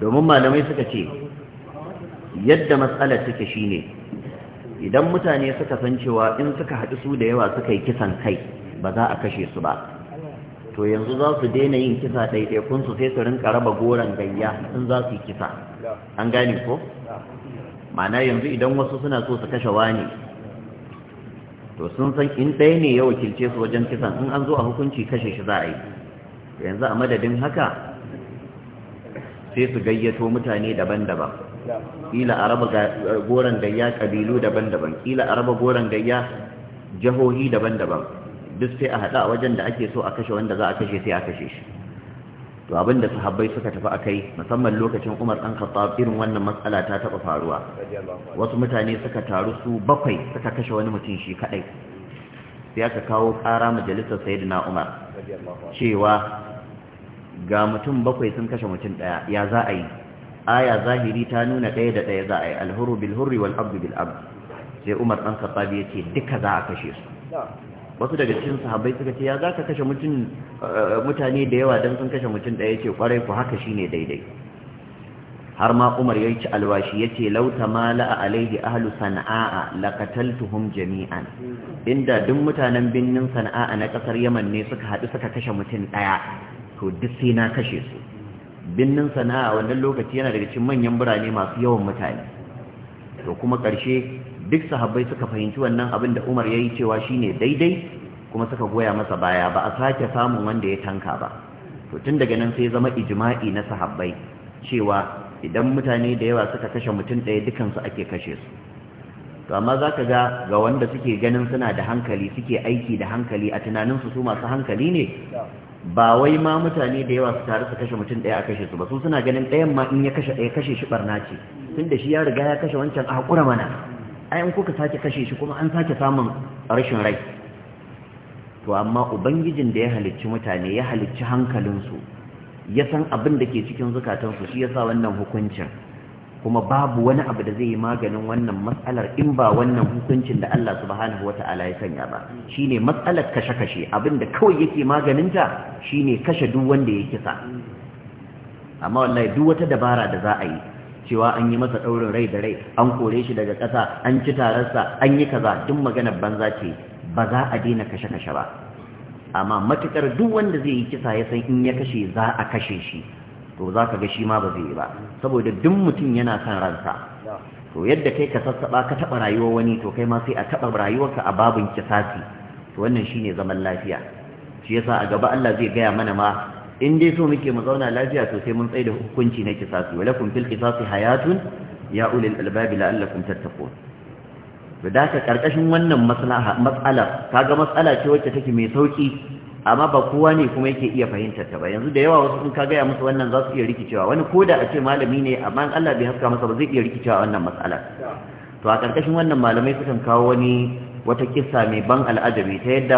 domin malamai suka ce yadda matsalar take shine idan mutane suka san cewa in suka haɗu su da yawa suka yi kisan kai ba za a kashe su ba to yanzu za su daina yin kisa ɗaiɗaikunsu sai su rinka raba goron gayya in za su yi kisa an gane ko ma'ana yanzu idan wasu suna so su kashe wani to sun san in ɗaya ne ya wakilce su wajen kisan in an zo a hukunci kashe shi za a yi yanzu a madadin haka sai su gayyato mutane daban-daban kila a raba goron gayya kabilu daban-daban kila a raba goron gayya jihohi daban-daban duk sai a haɗa wajen da ake so a kashe wanda za a kashe sai a kashe shi to abinda sahabbai suka tafi akai musamman lokacin Umar dan Khattab irin wannan matsala ta taba faruwa wasu mutane suka taru su bakwai suka kashe wani mutum shi kadai sai aka kawo ƙara majalisar sayyidina Umar cewa ga mutum bakwai sun kashe mutum daya ya za a yi aya zahiri ta nuna daya da daya za a yi alhuru bil hurri wal bil abd sai Umar dan Khattab ce duka za a kashe su wasu daga cikin sahabbai suka ce ya za ka kashe eh, mutane da yawa don sun kashe mutum ɗaya ce kwarai ku haka shi ne daidai har ma umar ya ci alwashi ya ce lauta ma a alaihi ahalu sana'a tuhum jami'an inda duk mutanen birnin sana'a na ƙasar yaman ne suka haɗu suka kashe mutum ɗaya to duk sai na kashe su birnin sana'a wannan lokaci yana daga cikin manyan birane masu yawan mutane to kuma ƙarshe duk sahabbai suka fahimci wannan abin da Umar ya yi cewa shine daidai kuma suka goya masa baya ba a sake samun wanda ya tanka ba to tun daga nan sai zama ijma'i na sahabbai cewa idan mutane da yawa suka kashe mutum ɗaya dukansu ake kashe su to amma zaka ga ga wanda suke ganin suna da hankali suke aiki da hankali a tunaninsu su masu hankali ne ba wai ma mutane da yawa su taru su kashe mutum ɗaya a kashe su ba su suna ganin ɗayan ma in ya kashe ɗaya kashe shi barna ce tunda shi ya riga ya kashe wancan a haƙura mana ai in kuka sake kashe shi kuma an sake samun rashin rai to amma ubangijin da ya halicci mutane ya halicci hankalinsu ya san abin da ke cikin zukatansu shi ya sa wannan hukuncin kuma babu wani abu da zai yi maganin wannan matsalar in ba wannan hukuncin da Allah subhanahu ta'ala ya sanya ba shine matsalar kashe-kashe abin da kawai yake maganinta shine kashe duk wanda ya kisa amma wallahi duk wata dabara da za a yi cewa an yi masa ɗaurin rai da rai an kore shi daga ƙasa an ci tararsa an yi kaza duk maganar banza ce ba za a daina kashe-kashe ba amma matukar duk wanda zai yi kisa ya san in ya kashe za a kashe shi to za ka ga shi ma ba zai yi ba saboda duk mutum yana son ransa to yadda kai ka sassaɓa ka taɓa rayuwar wani to kai ma sai a taɓa rayuwarka a babin kisasi to wannan shine zaman lafiya shi yasa a gaba Allah zai gaya mana ma in dai so muke mu zauna lafiya to sai mun tsaye da hukunci na kisasi wa lakum fil qisasi hayatun ya ulil albab allakum tattaqun to da ka karkashin wannan maslaha matsala kaga matsala ce wacce take mai sauki amma ba kowa ne kuma yake iya fahimtar ta ba yanzu da yawa wasu in ka gaya musu wannan za su iya rikicewa wani ko da a ce malami ne amma Allah bai haska masa ba zai iya rikicewa wannan matsala to a karkashin wannan malamai sukan kawo wani wata kissa mai ban al'ajabi ta yadda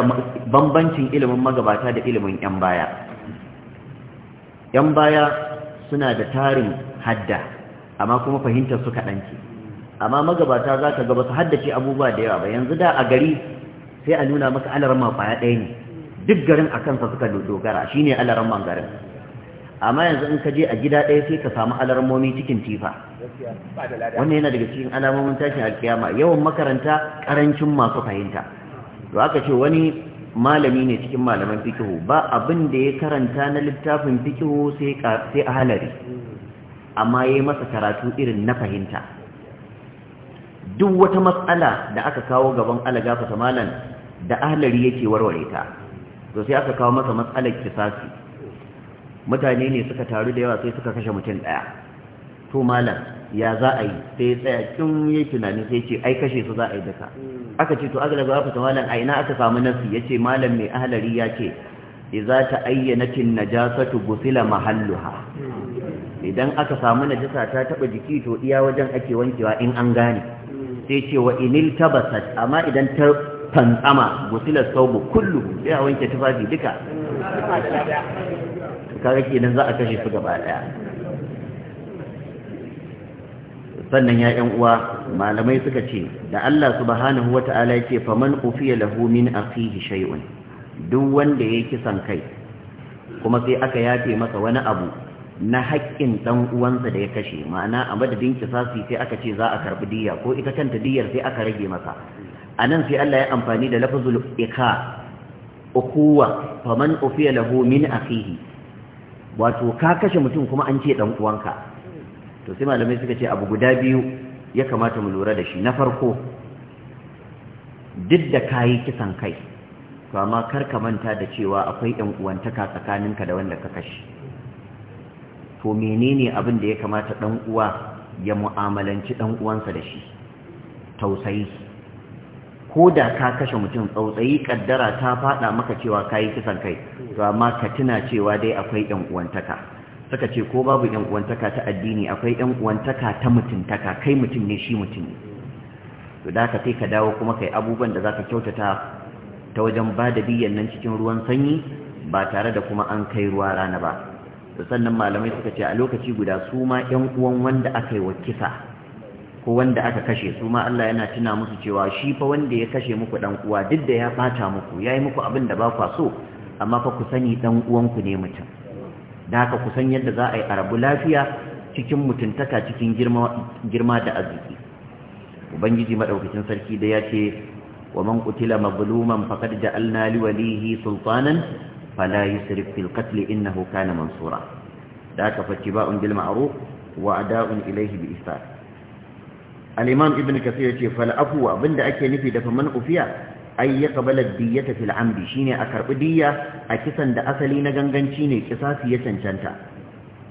bambancin ilimin magabata da ilimin 'yan baya yan baya suna da tarin hadda amma kuma fahimtar su kaɗan ce amma magabata za ka gaba su haddace abubuwa da yawa ba yanzu da a gari sai a nuna maka alarma baya ɗaya ne duk garin a kansa suka dogara shi ne alarman garin amma yanzu in ka je a gida ɗaya sai ka samu alarmomi cikin tifa wannan yana daga cikin alamomin tashin alkiyama yawan makaranta ƙarancin masu fahimta to aka ce wani malami ne cikin malaman fikihu ba abin da ya karanta na littafin fikihu sai a halari amma ya yi masa karatu irin na fahimta duk wata matsala da aka kawo gaban alagafa malam da ahlari yake warware ta to sai aka kawo masa matsalar kisasi mutane ne suka taru da yawa sai suka kashe mutum ɗaya to malam ya za a yi sai tsaya kin yi tunani sai ce ai kashe su za a yi duka aka ce to aglabu afata malam a ina aka samu nasi ce malam mai ahlari ya ce idza ta'ayyanatin najasatu gusila mahalluha idan aka samu najasa ta taba jiki to iya wajen ake wankewa in an gane sai ce wa inil tabasat amma idan ta fantsama gusila saubu kullu sai a wanke tufafi duka kaga kenan za a kashe su gaba daya sannan ya yan uwa malamai suka ce da Allah subhanahu wata'ala ya ce faman ufiya lahu min akhihi shay'un duk wanda ya kisan kai kuma sai aka yafe masa wani abu na haƙƙin ɗan uwansa da ya kashe ma'ana a madadin kisasi sai aka ce za a karɓi diyya ko ita kanta diyyar sai aka rage masa anan sai Allah ya amfani da lafazul ika ukuwa faman ufiya lahu a akhihi wato ka kashe mutum kuma an ce dan uwanka to sai malamai suka ce abu guda biyu ya kamata mu lura da shi na farko duk da kayi kisan kai to amma kar ka manta da cewa akwai yan uwantaka tsakaninka da wanda ka kashe to menene abin da ya kamata ɗan uwa ya mu'amalanci ɗan uwansa da shi tausayi ko da ka kashe mutum tsautsayi kaddara ta fada maka cewa kayi kisan kai to amma ka tuna cewa dai akwai yan uwantaka suka ce ko babu yan uwantaka ta addini akwai yan uwantaka ta mutuntaka kai mutum ne shi mutum ne to da ka kai ka dawo kuma kai abubuwan da zaka kyautata ta wajen ba da biyan nan cikin ruwan sanyi ba tare da kuma an kai ruwa rana ba to sannan malamai suka ce a lokaci guda su ma yan uwan wanda aka yi wa kisa ko wanda aka kashe su ma Allah yana tuna musu cewa shi fa wanda ya kashe muku dan uwa duk da ya bata muku yayi muku abin da ba kwa so amma fa ku sani dan uwanku ne mutum da haka kusan yadda za a yi arabu lafiya cikin mutuntaka cikin girma da arziki ubangiji maɗaukacin sarki da ya ce wa man qutila mazluman faqad ja'alna li walihi sultanan fala yusrif fil qatl innahu kana mansura da haka fatiba'un bil ma'ruf wa ada'un ilayhi bi ihsan al-imam ibn kathir ya ce fal afwa abinda ake nufi da faman ufiya ay yaqbala ad-diyyata fil amdi shine a karbi diyya a kisan da asali na ganganci ne kisasi ya cancanta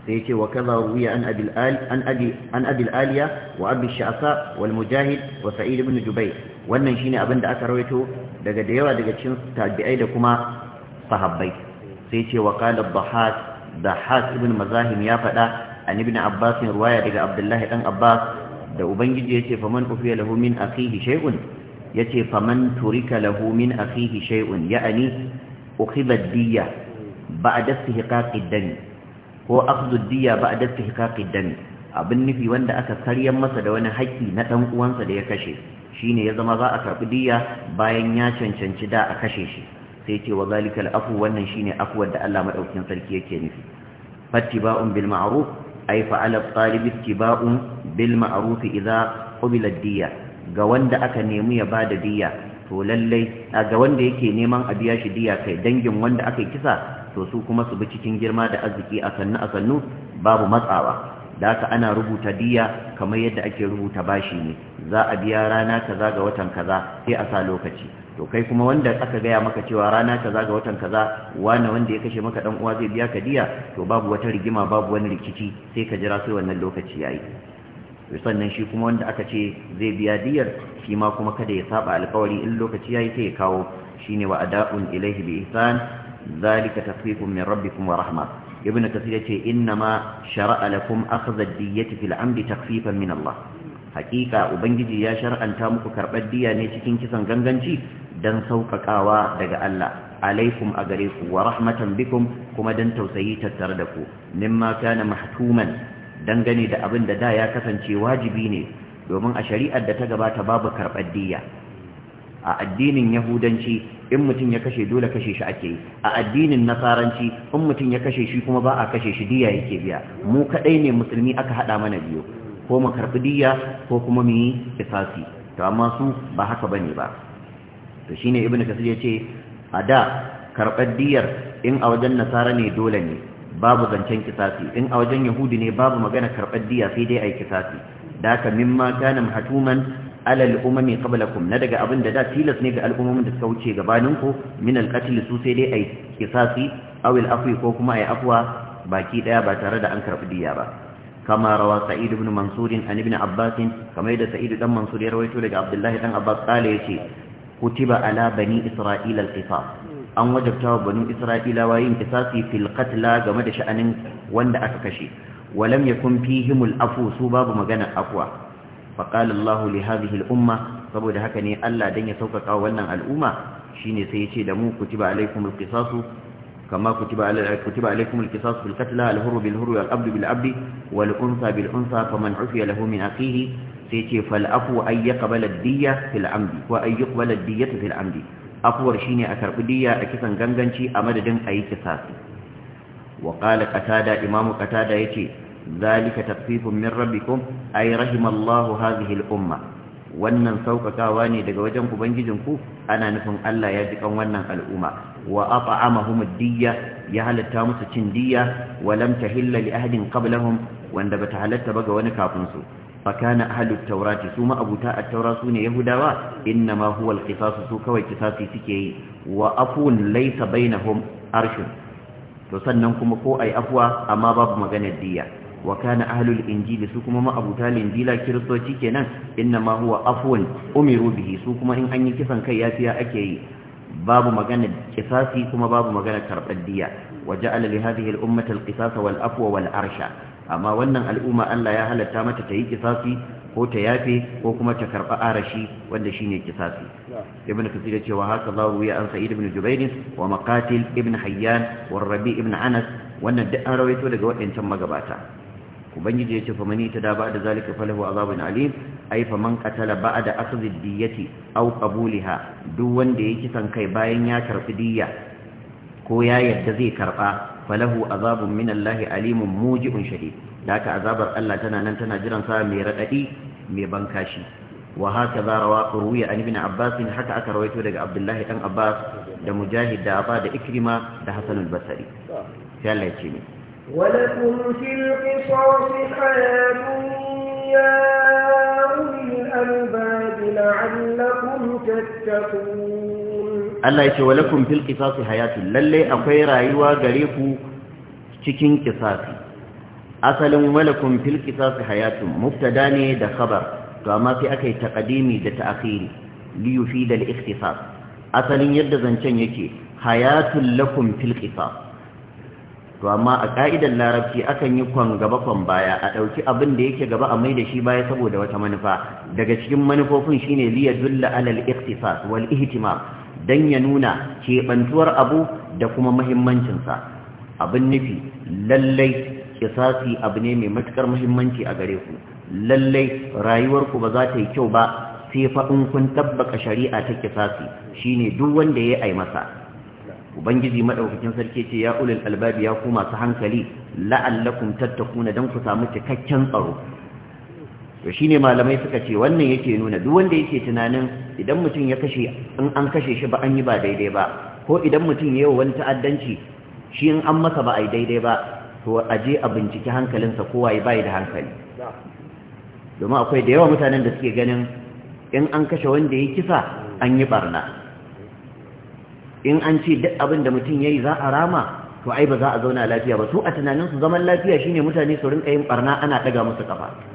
sai yace wa kaza ruwiya an abi al an abi an aliya wa abi sha'sa wal mujahid wa sa'id ibn jubayr wannan shine abin da aka rawaito daga da yawa daga cikin tabi'ai da kuma sahabbai sai yace wa qala ad-dhahhak ibn mazahim ya fada an ibn abbas riwaya daga abdullahi dan abbas da ubangiji yace faman ufiya lahu min akhihi shay'un ce faman turika lahu min akhihi shay'un ya'ani ukhiba diyya ba'da istihqaqi ad ko akhdhu ad-diyya ba'da istihqaqi ad abin nufi wanda aka karyar masa da wani haƙƙi na dan uwansa da ya kashe shine ya zama za a karbi diyya bayan ya cancanci da a kashe shi sai ce wa zalikal afu wannan shine afuwar da Allah madaukakin sarki yake nufi fattiba'un bil ma'ruf ay fa'ala at-talib ittiba'un bil ma'ruf idza qubila ad-diyya ga wanda aka nemi ya bada diya to lallai ga wanda yake neman a biya shi diya kai dangin wanda aka kisa to su kuma su bi cikin girma da arziki a sannu a sannu babu matsawa da haka ana rubuta diya kamar yadda ake rubuta bashi ne za a biya rana kaza ga watan kaza sai a sa lokaci to kai kuma wanda aka gaya maka cewa rana kaza ga watan kaza wani wanda ya kashe maka dan uwa zai biya ka diya to babu wata rigima babu wani rikici sai ka jira sai wannan lokaci yayi sannan shi kuma wanda aka ce zai biya diyar shi ma kuma kada ya saba alkawari in lokaci ya yi ta ya kawo shine wa ada'un ilaihi bi ihsan zalika tasrifun min rabbikum wa rahma ibn kasir ce inna ma shar'a lakum akhdha diyyati fil amdi takfifan min Allah hakika ubangiji ya shar'anta muku karbar diya ne cikin kisan ganganci dan sauƙaƙawa daga Allah alaikum a gare ku wa rahmatan bikum kuma dan tausayi tattare da ku mimma kana mahtuman dangane da abin da da ya kasance wajibi ne domin a shari'ar da ta gabata babu karɓar diya a addinin yahudanci in mutum ya kashe dole kashe shi ake yi a addinin nasaranci in mutum ya kashe shi kuma ba a kashe shi diya yake biya mu kaɗai ne musulmi aka haɗa mana biyu ko mu karɓi diya ko kuma mu yi kisasi to amma su ba haka bane ba to shine ibnu kasir ya ce a da karɓar diyar in a wajen nasara ne dole ne babu zancen kisasi in a wajen yahudi ne babu magana karɓar diya sai dai ai kisasi da haka mimma kana mahtuman ala al'umami qablakum na daga abin da da tilas ne ga al'ummomin da suka wuce gabaninku min al su sai dai yi kisasi aw al-afwi ko kuma yi afwa baki daya ba tare da an karɓi diya ba كما روى سعيد بن منصور عن ابن عباس كما يدى سعيد بن منصور يرويته لك عبد الله بن عباس قال يشي كتب على بني إسرائيل القصاص an wajabta wa banu isra'ilawa yin kisasi fil qatla game da sha'anin wanda aka kashe walam yakun fihim himul afu su babu magana afwa fa qala Allah li hadhihi al umma saboda haka ne Allah dan ya saukaka wannan al'umma shine sai yace da mu kutiba alaikumul qisasu كما كتب على كتب عليكم القصاص في القتلى الحر بالحر والعبد بالعبد والانثى بالانثى sai عفي fal afu اخيه سيتي فالعفو ان afuwar shine a karɓi diyya a kisan ganganci a madadin a yi Waƙala wa ƙala ƙatada imamu ƙatada ya ce zalika tafsifin min rabbikum ay rahimallahu hadhihi al-umma wannan sauƙaƙawa ne daga wajen ubangijinku ana nufin Allah ya ji kan wannan al'umma wa at'amahum ad ya halatta musu cin diyya wa lam tahilla li ahadin qablahum wanda bata halatta ba ga wani kafin su fakana ahalut taurati su ma'abuta a taura sune ne yahudawa inna ma huwa alqisasu su kawai kisasi suke yi wa afun laysa bainahum arshun to sannan kuma ko ai afwa amma babu maganar diya wa kana ahlul injili su kuma ma'abuta linjila kiristoci kenan inna ma huwa afun umiru bihi su kuma in an yi kisan kai yafiya ake yi babu magana kisasi kuma babu maganar karɓar diya wa ja'ala li hadhihi al-ummati al-qisasa wal afwa wal arsha amma wannan al'umma Allah ya halatta mata ta yi kisasi ko ta yafe ko kuma ta karɓi arashi wanda shine kisasi ibn kasir ya ce wa haka za ya an sa'id ibn jubair wa makatil ibn hayyan wa rabi ibn anas wannan duk an rawaito daga waɗancan magabata ubangiji ya ce fa mani ta da ba da zalika falahu azabun alim ai fa man qatala da akhdhi diyyati aw qabulha duk wanda yake san kai bayan ya karbi diyya ko ya yadda zai karba falahu azabun min Allah alimun muji'un shadid da haka azabar Allah tana nan tana jiran sa mai raɗaɗi mai bankashi wa haka za rawa ruwiya an ibn Abbas haka aka rawaito daga Abdullahi dan Abbas da Mujahid da Aba da Ikrima da Hasan al-Basri sai Allah ya ce ni ولكم في القصاص حياة يا أولي الألباب Allah ya ce wa lakum fil qisasi hayatun lalle akwai rayuwa gare ku cikin qisasi asalin wa lakum fil qisasi hayatun mubtada ne da khabar to amma sai aka yi taqdimi da ta'khiri li yufida al ikhtisas asalin yadda zancen yake hayatun lakum fil qisas to amma a ka'idar larabci akan yi kwan gaba kwan baya a dauki abin da yake gaba a mai da shi baya saboda wata manufa daga cikin manufofin shine li yadulla al ikhtisas wal ihtimam don ya nuna keɓantuwar abu da kuma mahimmancinsa abin nufi lallai kisasi abu ne mai matuƙar mahimmanci a gare ku lallai rayuwarku ba za ta yi kyau ba sai faɗin kun tabbaka shari'a ta kisasi shine duk wanda ya yi masa ubangiji maɗaukacin sarki ce ya ulul albabi ya ku masu hankali la'allakum tattakuna dan ku samu cikakken tsaro to shine malamai suka ce wannan yake nuna duk wanda yake tunanin idan mutum ya kashe in an kashe shi ba an yi ba daidai ba ko idan mutum ya yi wani ta'addanci shi in an masa ba a yi daidai ba to a je a binciki hankalinsa kowa ya bayi da hankali domin akwai da yawa mutanen da suke ganin in an kashe wanda ya kisa an yi barna in an ce duk abin da mutum ya yi za a rama to ai ba za a zauna lafiya ba su a tunanin su zaman lafiya shine mutane su rinka yin barna ana ɗaga musu kafa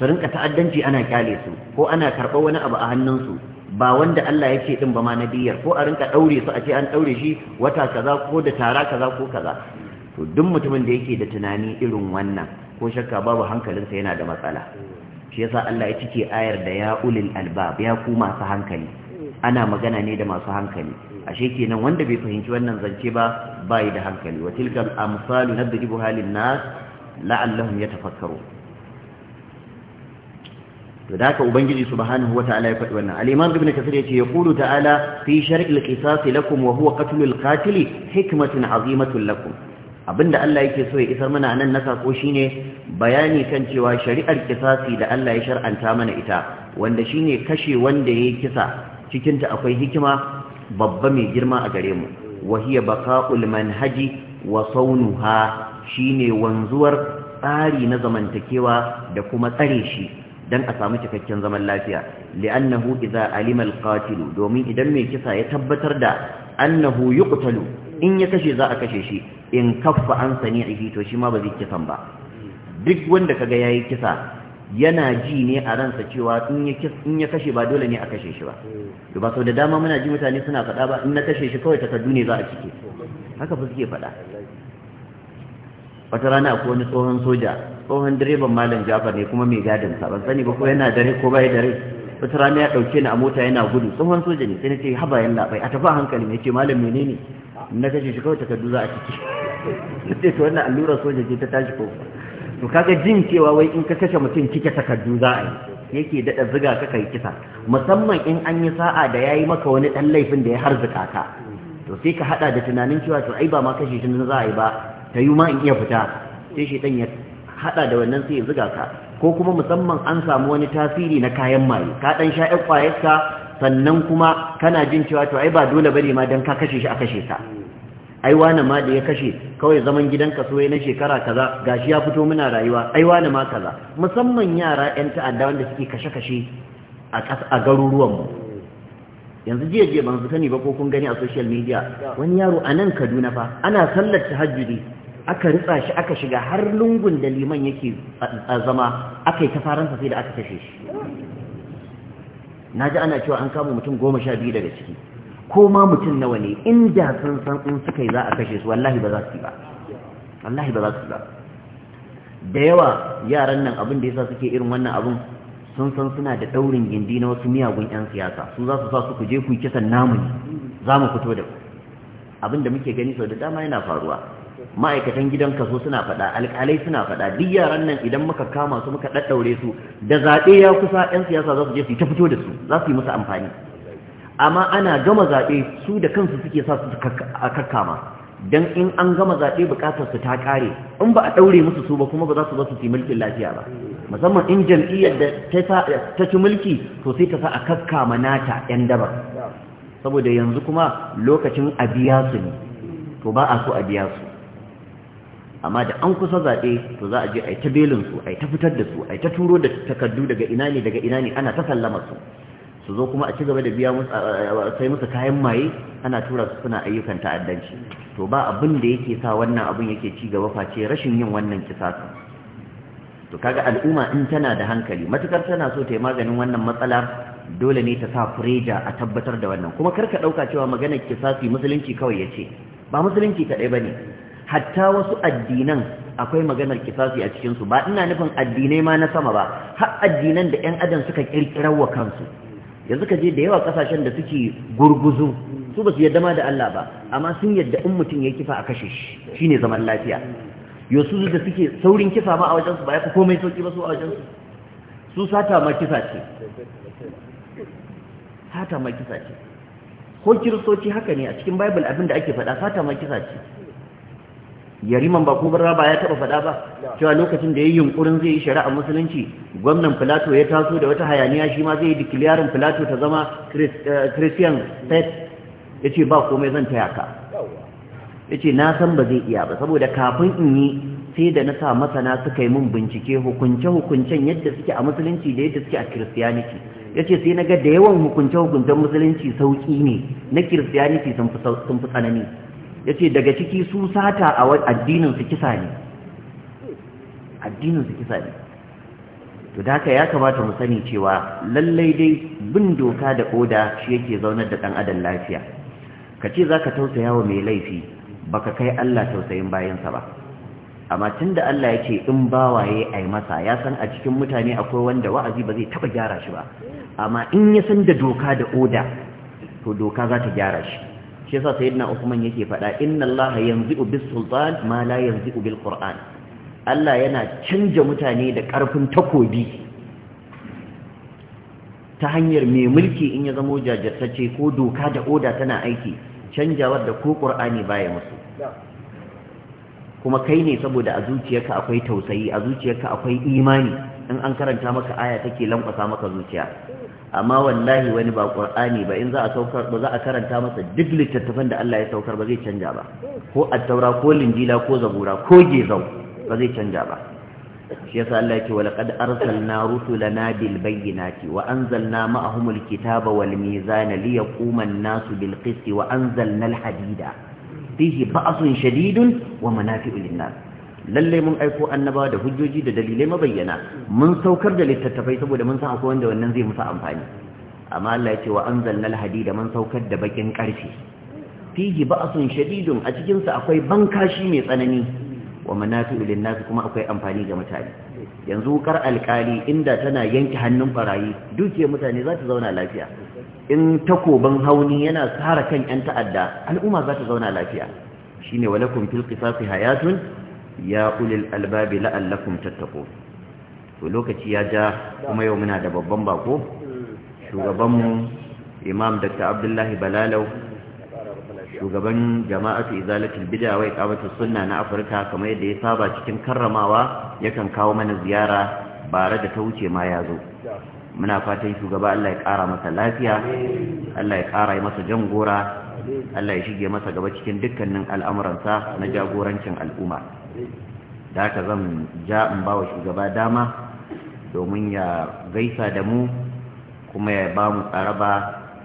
su rinka ta'addanci ana kyale su ko ana karɓar wani abu a hannunsu ba wanda Allah ya ce din ba ma nabiyar ko a rinka ɗaure su a ce an ɗaure shi wata kaza ko da tara kaza ko kaza to duk mutumin da yake da tunani irin wannan ko shakka babu hankalinsa yana da matsala shi yasa Allah ya cike ayar da ya ulil albab ya ku masu hankali ana magana ne da masu hankali ashe kenan wanda bai fahimci wannan zance ba bai da hankali wa tilkal amsalu nadribu halin nas la'allahum yatafakkarun to da haka ubangiji subhanahu wata'ala ya faɗi wannan al-imam ibn kasir yace yaqulu ta'ala fi shar'il qisas lakum wa huwa qatlul qatil hikmatun azimatun lakum abinda Allah yake so ya isar mana nan na sako shine bayani kan cewa shari'ar kisasi da Allah ya shar'anta mana ita wanda shine kashe wanda yi kisa cikin ta akwai hikima babba mai girma a gare mu wa hiya baqa'ul manhaji wa saunuha shine wanzuwar tsari na zamantakewa da kuma tsare shi dan a samu cikakken zaman lafiya li'annahu idza alima alqatilu domin idan mai kisa ya tabbatar da annahu yuqtalu in ya kashe za a kashe shi in kaffa an sani'ihi to shi ma ba zai kisan ba duk wanda kaga yayi kisa yana ji ne a ransa cewa in ya kashe ba dole ne a kashe shi ba ba sau da dama muna ji mutane suna faɗa ba in na kashe shi kawai takardu ne za a cike haka ba suke faɗa wata rana akwai wani tsohon soja tsohon direban malam jafar ne kuma mai gadin sa ban sani ba ko yana dare ko bai dare wata rana ya dauke ni a mota yana gudu tsohon soja ne sai na ce haba yan labai a tafi hankali ne ce malam menene na kashe shi kawai takardu za a ciki sai to wannan allura soja ce ta tashi ko to kaga jin cewa wai in ka kashe mutum kike takardu za a yi yake dada ziga ka kai kisa musamman in an yi sa'a da yayi maka wani dan laifin da ya harzuka ka to sai ka hada da tunanin cewa to ai ba ma kashe shi za a yi ba ta yi ma in iya fita sai shi dan ya hada da wannan sai ya ziga ka ko kuma musamman an samu wani tasiri na kayan maye ka dan sha ɗan kwayarka sannan kuma kana jin cewa to ai ba dole bane ma dan ka kashe shi a kashe ka ai wani ma da ya kashe kawai zaman gidan soyayya na shekara kaza gashi ya fito muna rayuwa ai wani ma kaza musamman yara yan ta'adda wanda suke kashe-kashe a garuruwan mu yanzu jiya jiya ban ni ba ko kun gani a social media wani yaro a nan Kaduna fa ana sallar tahajjudi aka ritsa shi aka shiga har lungun da liman yake zama aka yi ta faransa sai da aka kashe shi na ji ana cewa an kama mutum goma sha biyu daga ciki ko ma mutum nawa ne inda sun san in suka yi za a kashe su wallahi ba za su yi ba wallahi ba za su yi ba da yawa yaran nan abin da ya sa suke irin wannan abin sun san suna da daurin gindi na wasu miyagun 'yan siyasa su za su sa su kuje ku kisan namu ne za mu fito da abin da muke gani sau da dama yana faruwa ma'aikatan gidan kaso suna faɗa alƙalai suna faɗa duk yaran nan idan muka kama su muka ɗaɗɗaure su da zaɓe ya kusa 'yan siyasa za su je su ta fito da su za su yi musu amfani amma ana gama zaɓe su da kansu suke sa su a kakkama don in an gama zaɓe buƙatar su ta ƙare in ba a ɗaure musu su ba kuma ba za su ba su mulkin lafiya ba musamman in jam'iyyar da ta ci mulki to sai ta sa a kakkama nata 'yan daba saboda yanzu kuma lokacin a biya su ne to ba a so a biya su amma da an kusa zaɓe to za a je a yi ta belinsu a yi ta fitar da su a yi ta turo da takardu daga ina ne daga ina ne ana ta sallama su su zo kuma a ci gaba da biya sai musu kayan maye ana tura su suna ayyukan ta'addanci to ba abin da yake sa wannan abin yake ci gaba face rashin yin wannan su to kaga al'umma in tana da hankali matukar tana so ta yi maganin wannan matsala dole ne ta sa fureja a tabbatar da wannan kuma ka ɗauka cewa maganar kisasi musulunci kawai ya ce ba musulunci kaɗai ba ne hatta wasu addinan akwai maganar kisasi a cikinsu ba ina nufin addinai ma na sama ba har addinan da 'yan adam suka kirkirar wa kansu yanzu ka je da yawa kasashen da suke gurguzu su ba su yadda ma da Allah ba amma sun yadda in mutum ya kifa a kashe shi shine zaman lafiya yosu da suke saurin kifa ma a wajensu ba ya fi komai sauki ba su a wajensu su sata ma kisa ce sata ma kisa ce ko kiristoci haka ne a cikin bible abin da ake faɗa sata ma kisa ce yariman ba kubra ba ya taba faɗa ba cewa lokacin da ya yi yunkurin zai yi shari'a musulunci gwamnan filato ya taso da wata hayaniya shi ma zai yi dikiliyarin filato ta zama eh, christian state ya ce ba komai zan taya ka ya ce na san ba zai iya ba saboda kafin in yi sai da na sa masana suka yi min bincike hukunce-hukuncen yadda suke a musulunci da yadda suke a christianity ya ce sai na ga da yawan hukunce-hukuncen musulunci sauƙi ne na christianity sun fi tsanani ya ce daga ciki su sata a addininsu kisa ne addininsu kisa ne to da haka ya kamata mu sani cewa lallai dai bin doka da oda shi yake zaunar da ɗan adam lafiya ka ce za ka tausaya wa mai laifi baka kai Allah tausayin bayansa ba amma tun da Allah ya ce in bawaye a yi masa ya san a cikin mutane akwai wanda wa'azi ba zai taɓa gyara shi ba amma in ya san da doka da oda to doka za ta gyara shi shi yasa sayyidina Uthman yake faɗa inna Allah yanzu bis sultan ma la yanzu bil Qur'an Allah yana canja mutane da karfin takobi ta hanyar mai mulki in ya zama jajirtacce ko doka da oda tana aiki canjawar da ko Qur'ani baya musu kuma kai ne saboda a zuciyarka akwai tausayi a zuciyarka akwai imani in an karanta maka aya take lankwasa maka zuciya amma wallahi wani ba qur'ani ba in za a saukar ba za a karanta masa duk littattafan da Allah ya saukar ba zai canja ba ko at-taura ko linjila ko zabura ko gezau ba zai canja ba shi yasa Allah ya wa laqad arsalna rusulana bil bayyinati wa anzalna ma'ahumul kitaba wal mizana liyaquma an-nasu bil qisti wa anzalna al-hadida fihi ba'sun shadidun wa manafi'u lin-nas lalle mun aiko annabawa da hujjoji da dalilai mabayyana mun saukar da littattafai saboda mun san akwai wanda wannan zai musu amfani amma Allah ya ce wa anzalna alhadida mun saukar da bakin karfi fihi ba'sun shadidun a cikin sa akwai bankashi mai tsanani wa manafi'u lin kuma akwai amfani ga mutane yanzu kar alkali inda tana yanke hannun barayi duke mutane za ta zauna lafiya in takoban hauni yana sara kan 'yan ta'adda al'umma za ta zauna lafiya shine walakum fil qisasi hayatun ya ulil albabi la'allakum tattako. to lokaci ya ja kuma yau muna da babban bako shugabanmu imam dr abdullahi balalau shugaban jama'atu izalatul bid'a wai iqamatu sunna na afirka kamar yadda ya saba cikin karramawa yakan kawo mana ziyara bare da ta wuce ma ya zo muna fatan shugaba Allah ya ƙara masa lafiya Allah ya ƙara masa jan gora Allah ya shige masa gaba cikin dukkanin al'amuransa na jagorancin al'umma da haka zan ja in ba wa shugaba dama domin ya gaisa da mu kuma ya ba mu tsaraba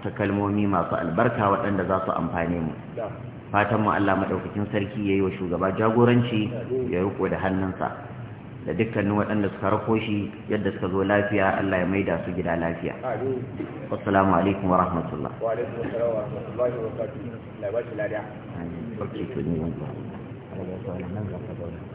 ta kalmomi masu albarka waɗanda za su amfane mu fatan mu Allah maɗaukakin sarki ya yi wa shugaba jagoranci ya riko da hannunsa da dukkanin waɗanda suka rako shi yadda suka zo lafiya Allah ya maida su gida lafiya assalamu alaikum wa rahmatullah wa alaikum wa rahmatullahi wa barakatuh Gracias.